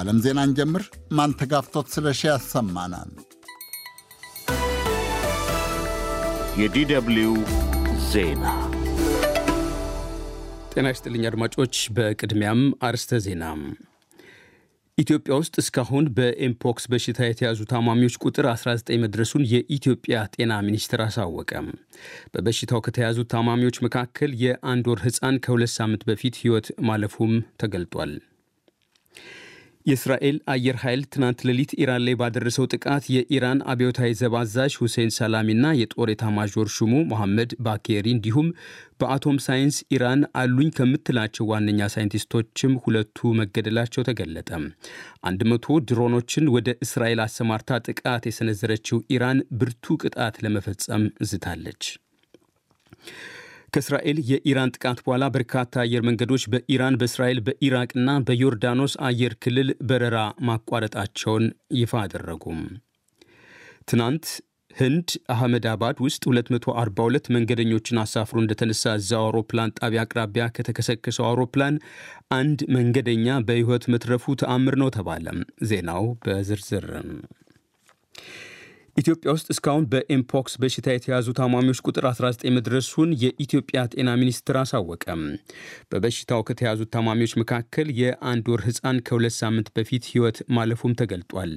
ከዓለም ዜና እንጀምር። ተጋፍቶት ስለሺ ያሰማናል። የዲደብልዩ ዜና ጤና ይስጥልኝ አድማጮች። በቅድሚያም አርስተ ዜና። ኢትዮጵያ ውስጥ እስካሁን በኤምፖክስ በሽታ የተያዙ ታማሚዎች ቁጥር 19 መድረሱን የኢትዮጵያ ጤና ሚኒስቴር አሳወቀ። በበሽታው ከተያዙት ታማሚዎች መካከል የአንድ ወር ሕፃን ከሁለት ሳምንት በፊት ሕይወት ማለፉም ተገልጧል። የእስራኤል አየር ኃይል ትናንት ሌሊት ኢራን ላይ ባደረሰው ጥቃት የኢራን አብዮታዊ ዘብ አዛዥ ሁሴን ሰላሚና የጦር ኤታማዦር ሹሙ መሐመድ ባኬሪ እንዲሁም በአቶም ሳይንስ ኢራን አሉኝ ከምትላቸው ዋነኛ ሳይንቲስቶችም ሁለቱ መገደላቸው ተገለጠ። አንድ መቶ ድሮኖችን ወደ እስራኤል አሰማርታ ጥቃት የሰነዘረችው ኢራን ብርቱ ቅጣት ለመፈጸም ዝታለች። ከእስራኤል የኢራን ጥቃት በኋላ በርካታ አየር መንገዶች በኢራን በእስራኤል በኢራቅና በዮርዳኖስ አየር ክልል በረራ ማቋረጣቸውን ይፋ አደረጉም። ትናንት ህንድ አህመድ አባድ ውስጥ 242 መንገደኞችን አሳፍሮ እንደተነሳ እዛው አውሮፕላን ጣቢያ አቅራቢያ ከተከሰከሰው አውሮፕላን አንድ መንገደኛ በሕይወት መትረፉ ተአምር ነው ተባለም። ዜናው በዝርዝር ኢትዮጵያ ውስጥ እስካሁን በኤምፖክስ በሽታ የተያዙ ታማሚዎች ቁጥር 19 መድረሱን የኢትዮጵያ ጤና ሚኒስትር አሳወቀ። በበሽታው ከተያዙት ታማሚዎች መካከል የአንድ ወር ሕፃን ከሁለት ሳምንት በፊት ሕይወት ማለፉም ተገልጧል።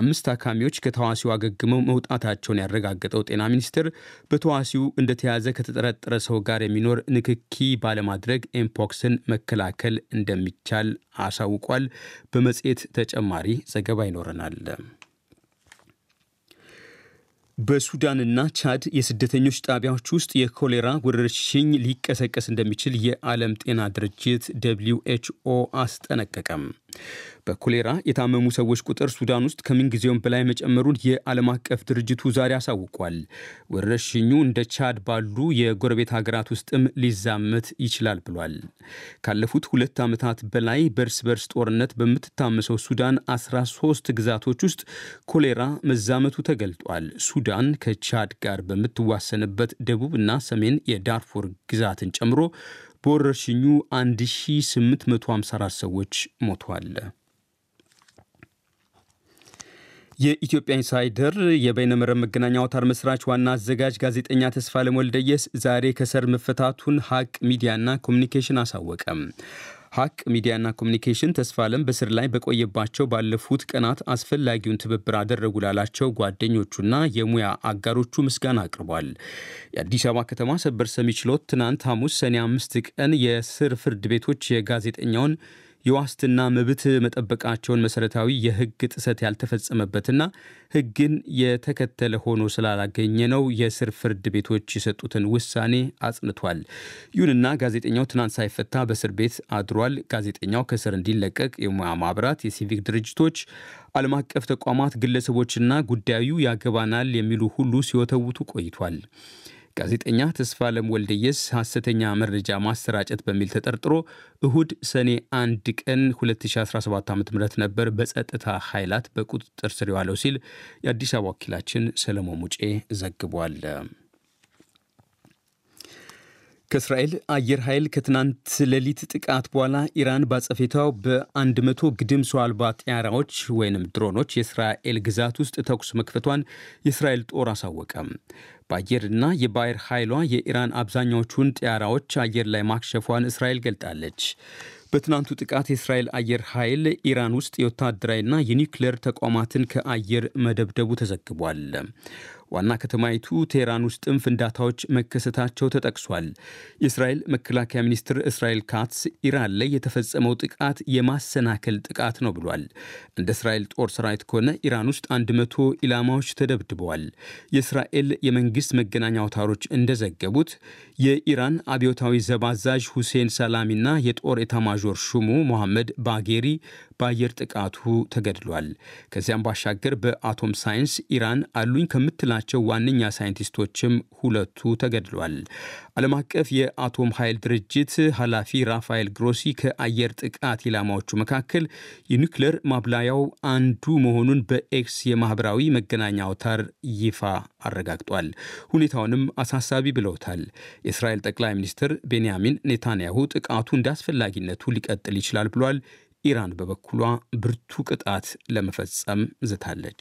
አምስት ታካሚዎች ከተዋሲው አገግመው መውጣታቸውን ያረጋገጠው ጤና ሚኒስትር በተዋሲው እንደተያዘ ከተጠረጠረ ሰው ጋር የሚኖር ንክኪ ባለማድረግ ኤምፖክስን መከላከል እንደሚቻል አሳውቋል። በመጽሔት ተጨማሪ ዘገባ ይኖረናል። በሱዳንና ቻድ የስደተኞች ጣቢያዎች ውስጥ የኮሌራ ወረርሽኝ ሊቀሰቀስ እንደሚችል የዓለም ጤና ድርጅት ደብሊው ኤች ኦ አስጠነቀቀም። በኮሌራ የታመሙ ሰዎች ቁጥር ሱዳን ውስጥ ከምንጊዜውም በላይ መጨመሩን የዓለም አቀፍ ድርጅቱ ዛሬ አሳውቋል። ወረርሽኙ እንደ ቻድ ባሉ የጎረቤት ሀገራት ውስጥም ሊዛመት ይችላል ብሏል። ካለፉት ሁለት ዓመታት በላይ በእርስ በርስ ጦርነት በምትታመሰው ሱዳን 13 ግዛቶች ውስጥ ኮሌራ መዛመቱ ተገልጧል። ሱዳን ከቻድ ጋር በምትዋሰንበት ደቡብና ሰሜን የዳርፉር ግዛትን ጨምሮ በወረርሽኙ 1854 ሰዎች ሞቷለ የኢትዮጵያ ኢንሳይደር የበይነመረብ መገናኛ አውታር መስራች ዋና አዘጋጅ ጋዜጠኛ ተስፋለም ወልደየስ ዛሬ ከእስር መፈታቱን ሀቅ ሚዲያና ኮሚኒኬሽን አሳወቀም። ሀቅ ሚዲያና ኮሚኒኬሽን ተስፋለም በስር ላይ በቆየባቸው ባለፉት ቀናት አስፈላጊውን ትብብር አደረጉ ላላቸው ጓደኞቹና የሙያ አጋሮቹ ምስጋና አቅርቧል። የአዲስ አበባ ከተማ ሰበር ሰሚ ችሎት ትናንት ሐሙስ ሰኔ አምስት ቀን የስር ፍርድ ቤቶች የጋዜጠኛውን የዋስትና መብት መጠበቃቸውን መሰረታዊ የህግ ጥሰት ያልተፈጸመበትና ህግን የተከተለ ሆኖ ስላላገኘ ነው የስር ፍርድ ቤቶች የሰጡትን ውሳኔ አጽንቷል። ይሁንና ጋዜጠኛው ትናንት ሳይፈታ በእስር ቤት አድሯል። ጋዜጠኛው ከስር እንዲለቀቅ የሙያ ማህበራት፣ የሲቪክ ድርጅቶች፣ ዓለም አቀፍ ተቋማት፣ ግለሰቦችና ጉዳዩ ያገባናል የሚሉ ሁሉ ሲወተውቱ ቆይቷል። ጋዜጠኛ ተስፋለም ወልደየስ ሐሰተኛ መረጃ ማሰራጨት በሚል ተጠርጥሮ እሁድ ሰኔ አንድ ቀን 2017 ዓ ም ነበር በጸጥታ ኃይላት በቁጥጥር ስር የዋለው ሲል የአዲስ አበባ ወኪላችን ሰለሞን ሙጬ ዘግቧል። ከእስራኤል አየር ኃይል ከትናንት ሌሊት ጥቃት በኋላ ኢራን ባጸፌታው በ100 ግድም ሰው አልባ ጥያራዎች ወይንም ድሮኖች የእስራኤል ግዛት ውስጥ ተኩስ መክፈቷን የእስራኤል ጦር አሳወቀ። በአየርና የባየር ኃይሏ የኢራን አብዛኛዎቹን ጥያራዎች አየር ላይ ማክሸፏን እስራኤል ገልጣለች። በትናንቱ ጥቃት የእስራኤል አየር ኃይል ኢራን ውስጥ የወታደራዊና የኒውክሌር ተቋማትን ከአየር መደብደቡ ተዘግቧል። ዋና ከተማይቱ ቴህራን ውስጥም ፍንዳታዎች መከሰታቸው ተጠቅሷል። የእስራኤል መከላከያ ሚኒስትር እስራኤል ካትስ ኢራን ላይ የተፈጸመው ጥቃት የማሰናከል ጥቃት ነው ብሏል። እንደ እስራኤል ጦር ሰራዊት ከሆነ ኢራን ውስጥ 100 ኢላማዎች ተደብድበዋል። የእስራኤል የመንግስት መገናኛ አውታሮች እንደዘገቡት የኢራን አብዮታዊ ዘብ አዛዥ ሁሴን ሰላሚና የጦር ኤታማዦር ሹሙ ሞሐመድ ባጌሪ በአየር ጥቃቱ ተገድሏል። ከዚያም ባሻገር በአቶም ሳይንስ ኢራን አሉኝ ከምትላ ከሆናቸው ዋነኛ ሳይንቲስቶችም ሁለቱ ተገድሏል። ዓለም አቀፍ የአቶም ኃይል ድርጅት ኃላፊ ራፋኤል ግሮሲ ከአየር ጥቃት ኢላማዎቹ መካከል የኒውክሌር ማብላያው አንዱ መሆኑን በኤክስ የማህበራዊ መገናኛ አውታር ይፋ አረጋግጧል። ሁኔታውንም አሳሳቢ ብለውታል። የእስራኤል ጠቅላይ ሚኒስትር ቤንያሚን ኔታንያሁ ጥቃቱ እንደ አስፈላጊነቱ ሊቀጥል ይችላል ብሏል። ኢራን በበኩሏ ብርቱ ቅጣት ለመፈጸም ዝታለች።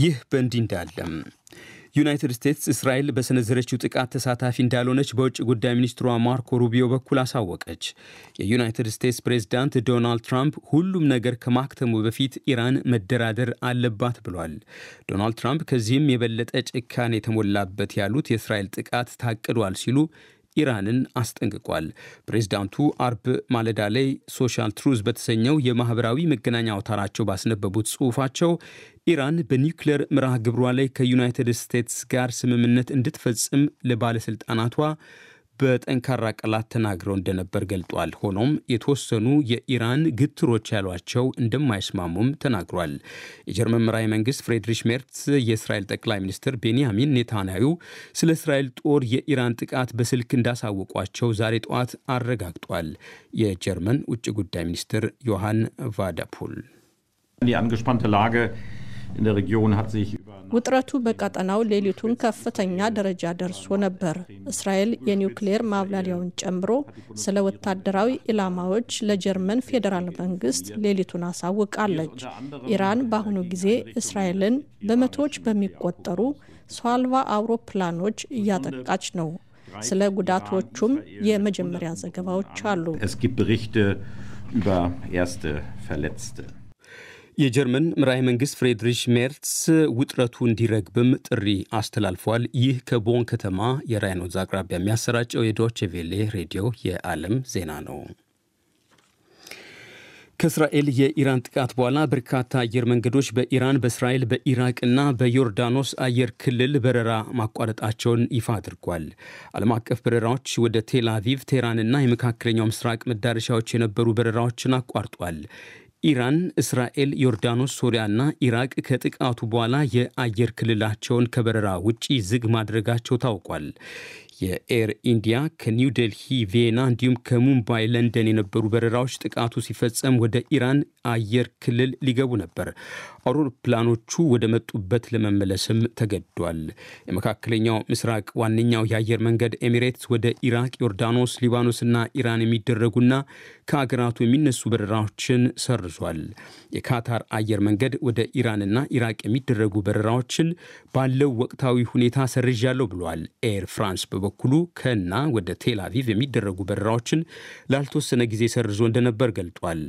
ይህ በእንዲህ እንዳለም ዩናይትድ ስቴትስ እስራኤል በሰነዘረችው ጥቃት ተሳታፊ እንዳልሆነች በውጭ ጉዳይ ሚኒስትሯ ማርኮ ሩቢዮ በኩል አሳወቀች። የዩናይትድ ስቴትስ ፕሬዝዳንት ዶናልድ ትራምፕ ሁሉም ነገር ከማክተሙ በፊት ኢራን መደራደር አለባት ብሏል። ዶናልድ ትራምፕ ከዚህም የበለጠ ጭካኔ የተሞላበት ያሉት የእስራኤል ጥቃት ታቅዷል ሲሉ ኢራንን አስጠንቅቋል። ፕሬዚዳንቱ አርብ ማለዳ ላይ ሶሻል ትሩዝ በተሰኘው የማህበራዊ መገናኛ አውታራቸው ባስነበቡት ጽሑፋቸው ኢራን በኒውክሌር ምርሃ ግብሯ ላይ ከዩናይትድ ስቴትስ ጋር ስምምነት እንድትፈጽም ለባለሥልጣናቷ በጠንካራ ቃላት ተናግረው እንደነበር ገልጧል። ሆኖም የተወሰኑ የኢራን ግትሮች ያሏቸው እንደማይስማሙም ተናግሯል። የጀርመን መራሄ መንግስት ፍሬድሪሽ ሜርትስ የእስራኤል ጠቅላይ ሚኒስትር ቤንያሚን ኔታንያሁ ስለ እስራኤል ጦር የኢራን ጥቃት በስልክ እንዳሳወቋቸው ዛሬ ጠዋት አረጋግጧል። የጀርመን ውጭ ጉዳይ ሚኒስትር ዮሐን ቫዳፑል ውጥረቱ በቀጠናው ሌሊቱን ከፍተኛ ደረጃ ደርሶ ነበር። እስራኤል የኒውክሌር ማብላሪያውን ጨምሮ ስለ ወታደራዊ ኢላማዎች ለጀርመን ፌዴራል መንግስት ሌሊቱን አሳውቃለች። ኢራን በአሁኑ ጊዜ እስራኤልን በመቶዎች በሚቆጠሩ ሰው አልባ አውሮፕላኖች እያጠቃች ነው። ስለ ጉዳቶቹም የመጀመሪያ ዘገባዎች አሉ። የጀርመን መራሄ መንግስት ፍሬድሪሽ ሜርትስ ውጥረቱ እንዲረግብም ጥሪ አስተላልፏል። ይህ ከቦን ከተማ የራይኖዝ አቅራቢያ የሚያሰራጨው የዶች ቬሌ ሬዲዮ የዓለም ዜና ነው። ከእስራኤል የኢራን ጥቃት በኋላ በርካታ አየር መንገዶች በኢራን በእስራኤል በኢራቅና በዮርዳኖስ አየር ክልል በረራ ማቋረጣቸውን ይፋ አድርጓል። ዓለም አቀፍ በረራዎች ወደ ቴል አቪቭ፣ ቴህራንና የመካከለኛው ምስራቅ መዳረሻዎች የነበሩ በረራዎችን አቋርጧል። ኢራን፣ እስራኤል፣ ዮርዳኖስ፣ ሶሪያና ኢራቅ ከጥቃቱ በኋላ የአየር ክልላቸውን ከበረራ ውጪ ዝግ ማድረጋቸው ታውቋል። የኤር ኢንዲያ ከኒው ዴልሂ፣ ቪየና እንዲሁም ከሙምባይ ለንደን የነበሩ በረራዎች ጥቃቱ ሲፈጸም ወደ ኢራን አየር ክልል ሊገቡ ነበር። አውሮፕላኖቹ ወደ መጡበት ለመመለስም ተገዷል። የመካከለኛው ምስራቅ ዋነኛው የአየር መንገድ ኤሚሬትስ ወደ ኢራቅ፣ ዮርዳኖስ፣ ሊባኖስና ኢራን የሚደረጉና ከአገራቱ የሚነሱ በረራዎችን ሰርዟል። የካታር አየር መንገድ ወደ ኢራንና ኢራቅ የሚደረጉ በረራዎችን ባለው ወቅታዊ ሁኔታ ሰርዣለሁ ብሏል። ኤር ፍራንስ በበኩ በበኩሉ ከና ወደ ቴል አቪቭ የሚደረጉ በረራዎችን ላልተወሰነ ጊዜ ሰርዞ እንደነበር ገልጧል።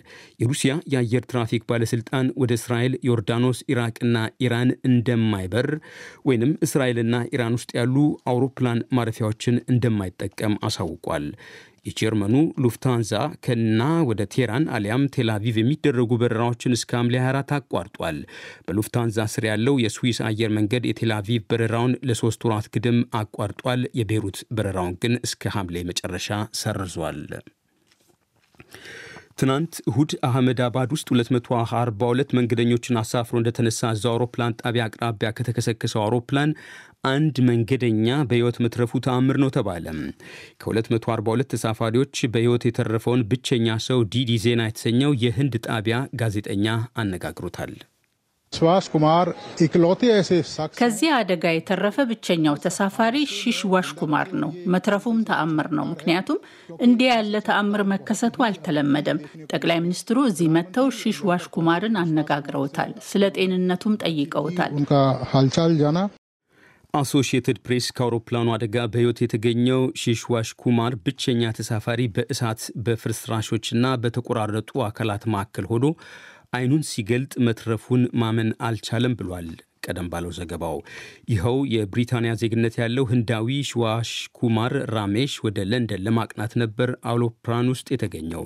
የሩሲያ የአየር ትራፊክ ባለስልጣን ወደ እስራኤል፣ ዮርዳኖስ፣ ኢራቅና ኢራን እንደማይበር ወይንም እስራኤልና ኢራን ውስጥ ያሉ አውሮፕላን ማረፊያዎችን እንደማይጠቀም አሳውቋል። የጀርመኑ ሉፍታንዛ ከና ወደ ቴራን አሊያም ቴላቪቭ የሚደረጉ በረራዎችን እስከ ሐምሌ 24 አቋርጧል። በሉፍታንዛ ስር ያለው የስዊስ አየር መንገድ የቴላቪቭ በረራውን ለሶስት ወራት ግድም አቋርጧል። የቤሩት በረራውን ግን እስከ ሐምሌ መጨረሻ ሰርዟል። ትናንት እሁድ አህመድ አባድ ውስጥ 242 መንገደኞችን አሳፍሮ እንደተነሳ እዛ አውሮፕላን ጣቢያ አቅራቢያ ከተከሰከሰው አውሮፕላን አንድ መንገደኛ በሕይወት መትረፉ ተአምር ነው ተባለ። ከ242 ተሳፋሪዎች በሕይወት የተረፈውን ብቸኛ ሰው ዲዲ ዜና የተሰኘው የህንድ ጣቢያ ጋዜጠኛ አነጋግሮታል። ስዋስ ኩማር ኢክሎቴ ከዚህ አደጋ የተረፈ ብቸኛው ተሳፋሪ ሽሽ ዋሽ ኩማር ነው። መትረፉም ተአምር ነው። ምክንያቱም እንዲህ ያለ ተአምር መከሰቱ አልተለመደም። ጠቅላይ ሚኒስትሩ እዚህ መጥተው ሽሽ ዋሽ ኩማርን አነጋግረውታል። ስለ ጤንነቱም ጠይቀውታል። ሀልቻል ጃና አሶሺየትድ ፕሬስ ከአውሮፕላኑ አደጋ በሕይወት የተገኘው ሽሽዋሽ ኩማር ብቸኛ ተሳፋሪ በእሳት በፍርስራሾችና በተቆራረጡ አካላት መካከል ሆኖ አይኑን ሲገልጥ መትረፉን ማመን አልቻለም ብሏል። ቀደም ባለው ዘገባው ይኸው የብሪታንያ ዜግነት ያለው ህንዳዊ ሽዋሽ ኩማር ራሜሽ ወደ ለንደን ለማቅናት ነበር አውሮፕላን ውስጥ የተገኘው።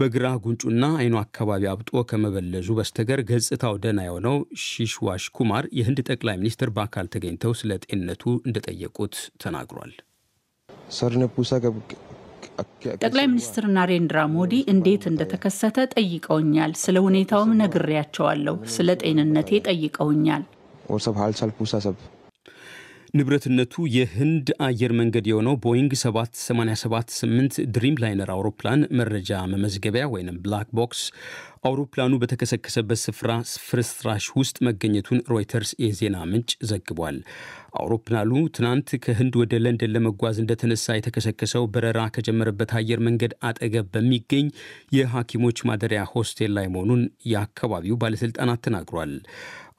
በግራ ጉንጩና አይኑ አካባቢ አብጦ ከመበለዙ በስተገር ገጽታው ደህና የሆነው ሽሽዋሽ ኩማር የህንድ ጠቅላይ ሚኒስትር በአካል ተገኝተው ስለ ጤንነቱ እንደጠየቁት ተናግሯል። ጠቅላይ ሚኒስትር ናሬንድራ ሞዲ እንዴት እንደተከሰተ ጠይቀውኛል። ስለ ሁኔታውም ነግሬያቸዋለሁ። ስለ ጤንነቴ ጠይቀውኛል። ንብረትነቱ የህንድ አየር መንገድ የሆነው ቦይንግ 7878 ድሪም ላይነር አውሮፕላን መረጃ መመዝገቢያ ወይም ብላክ ቦክስ አውሮፕላኑ በተከሰከሰበት ስፍራ ፍርስራሽ ውስጥ መገኘቱን ሮይተርስ የዜና ምንጭ ዘግቧል። አውሮፕላኑ ትናንት ከህንድ ወደ ለንደን ለመጓዝ እንደተነሳ የተከሰከሰው በረራ ከጀመረበት አየር መንገድ አጠገብ በሚገኝ የሐኪሞች ማደሪያ ሆስቴል ላይ መሆኑን የአካባቢው ባለስልጣናት ተናግሯል።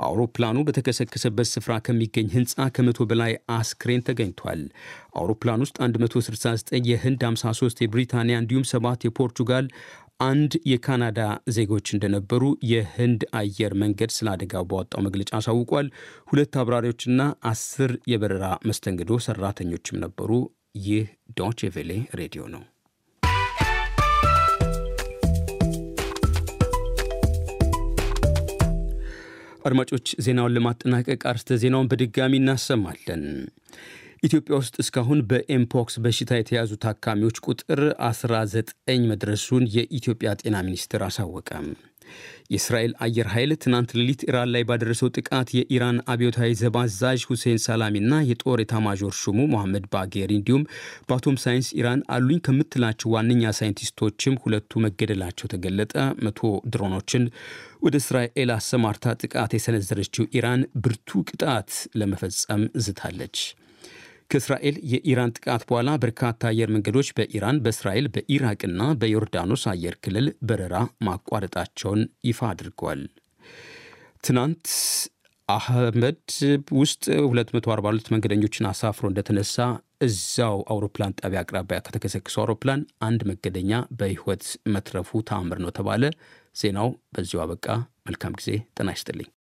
አውሮፕላኑ በተከሰከሰበት ስፍራ ከሚገኝ ህንፃ ከመቶ በላይ አስክሬን ተገኝቷል። አውሮፕላን ውስጥ 169 የህንድ፣ 53 የብሪታንያ እንዲሁም ሰባት የፖርቹጋል አንድ የካናዳ ዜጎች እንደነበሩ የህንድ አየር መንገድ ስለ አደጋው ባወጣው መግለጫ አሳውቋል። ሁለት አብራሪዎችና አስር የበረራ መስተንግዶ ሰራተኞችም ነበሩ። ይህ ዶቼ ቬሌ ሬዲዮ ነው። አድማጮች፣ ዜናውን ለማጠናቀቅ አርስተ ዜናውን በድጋሚ እናሰማለን። ኢትዮጵያ ውስጥ እስካሁን በኤምፖክስ በሽታ የተያዙ ታካሚዎች ቁጥር 19 መድረሱን የኢትዮጵያ ጤና ሚኒስቴር አሳወቀ። የእስራኤል አየር ኃይል ትናንት ሌሊት ኢራን ላይ ባደረሰው ጥቃት የኢራን አብዮታዊ ዘብ አዛዥ ሁሴን ሳላሚና የጦር ኤታማዦር ሹሙ መሐመድ ባጌሪ እንዲሁም በአቶም ሳይንስ ኢራን አሉኝ ከምትላቸው ዋነኛ ሳይንቲስቶችም ሁለቱ መገደላቸው ተገለጠ። መቶ ድሮኖችን ወደ እስራኤል አሰማርታ ጥቃት የሰነዘረችው ኢራን ብርቱ ቅጣት ለመፈጸም ዝታለች። ከእስራኤል የኢራን ጥቃት በኋላ በርካታ አየር መንገዶች በኢራን በእስራኤል በኢራቅና በዮርዳኖስ አየር ክልል በረራ ማቋረጣቸውን ይፋ አድርጓል። ትናንት አህመድ ውስጥ 242 መንገደኞችን አሳፍሮ እንደተነሳ እዛው አውሮፕላን ጣቢያ አቅራቢያ ከተከሰከሰው አውሮፕላን አንድ መንገደኛ በሕይወት መትረፉ ተአምር ነው ተባለ። ዜናው በዚሁ አበቃ። መልካም ጊዜ። ጤና ይስጥልኝ።